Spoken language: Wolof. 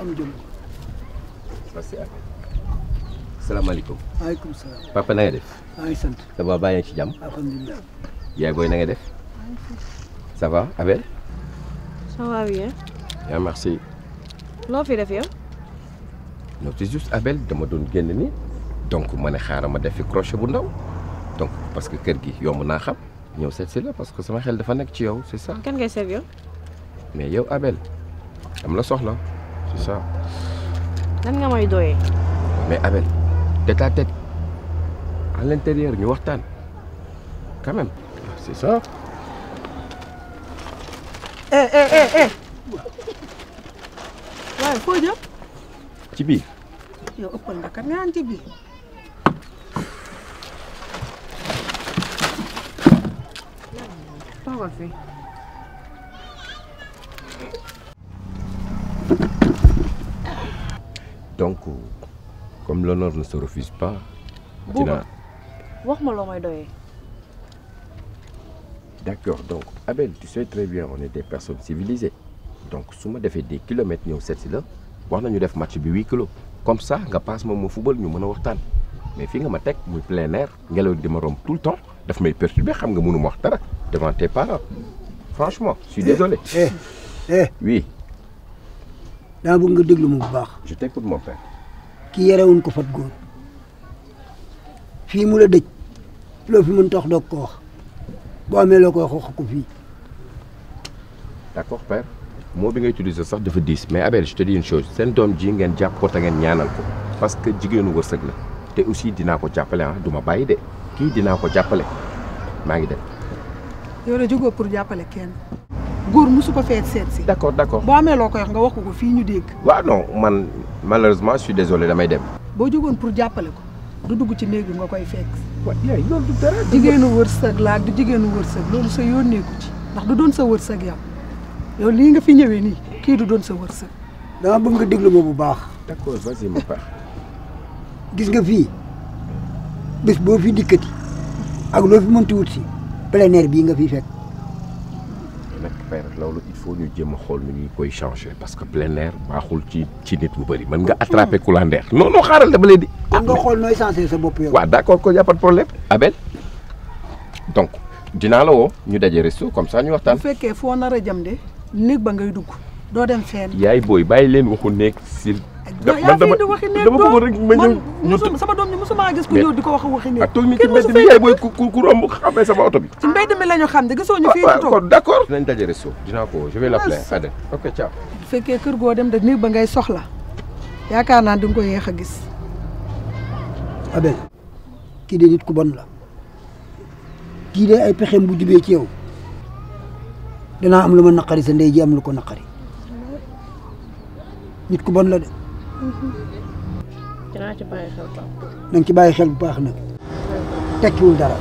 am jëm merci papa na def maa ngi sant ça va ci jàmm alhamdulilah yaay booy na def ça va Abel ça va bien bien merci loo fi def yow non c'est juste Abel dama doon génn ni donc ma ne xaaral ma def fi crochet bu ndaw donc parce que kër gi yomb naa xam ñëw seet si parce que sama xel dafa nekk ci yow si ça. kan ngay seet yow. mais yow Abel am la soxla c'est ça. nan nga may doyee. mais Abel tête à tête ñu waxtaan quand même ah, c'est ça. eh eh eh eh. waaw ci biir. yow ëppal nga kat nga naan ci biir. toogal donc comme l'honneur ne se refuse pas. buuba wax ma loo may doyee. d'accord donc Abel tu sais très bien on est des personnes civilisées donc su ma defee des kilomètres ñëw seet si la wax nañu def match bi huit kilo comme ça nga passe moom ma football ñu mën a waxtaan mais fii nga ma teg muy plein air ngelaw di ma romb tout le temps daf may perturber xam nga mënuma wax dara. devant tes parents. franchement je suis désolé. eh eh nga déglu mu bu baax. je t'écoute mon ko fat góor fii mu la dëj loo fi mën tax doog ko wax boo amee loo ko wax wax ko fii. d'accord père mot bi nga utiliser sax dafa diis mais Abel je te dis une seen doom ji ngeen jàpp ko te ngeen ñaanal ko parce que jigéenu wërsëg la te aussi dinaa ko jàppale ah du ma bàyyi de kii dinaa ko jàppale maa ngi def yow de jógoo pour jàppale kenn góor su ko feet seet si. d' accord d' accord boo amee loo koy wax nga wax ko ko fii ñu dégg. waaw non man malheureusement je suis désolé damay dem. boo jógoon pour jàppale ko du dugg ci néeg bi nga koy fekk. waaw yooyu loolu du dara. jigéenu wërsëg laa du jigéenu wërsëg loolu sa yoon neeku ci ndax du doon sa wërsëg yow yow lii nga fi ñëwee nii kii du doon sa wërsëg. dama bëgg nga déglu moo bu baax. d' accord si y mon gis nga fii bés boo fi dikkati ak loo fi plein air bii nga fi fekk. loolu il faut ñu jéem a xool nu ñuy koy changer parce que plein air baaxul ci ci nit bu bëri mën nga attraper courant d'air non non xaaral dama leen di. kon nga xool nooy changer sa bopp yow. waa d' accord ko y' a pas problème. Abel donc dinaa la woo ñu daje resto comme ça ñu waxtaan. bu fekkee foo nar a jëm de néeg ba ngay dugg doo dem fenn. yaay booy bàyyi leen waxu néeg si. yaa fi di waxi nekk dama bëgg rek ma ñëw ñu sama doom ñi gis ku ñëw di ko wax waxi nekk. toog ñu ci mbedd oto bi. ci mbedd mi la xam ne gisoo ñu fii ñu toog d'accord. dinañ daje resto dinaa ko je vais l'appeler fekkee kër goo dem de néeg ba ngay soxla yaakaar naa di nga ko yéex a gis. Abel kii de nit ko bon la kii de ay pexeem bu jubee ci yow dinaa am la ma naqari sa ndey ji am lu ko naqari nit ku bon la de. dinaa ci bàyyi xel bu baax. na nga ci bàyyi xel bu baax nag. tekkiwul dara.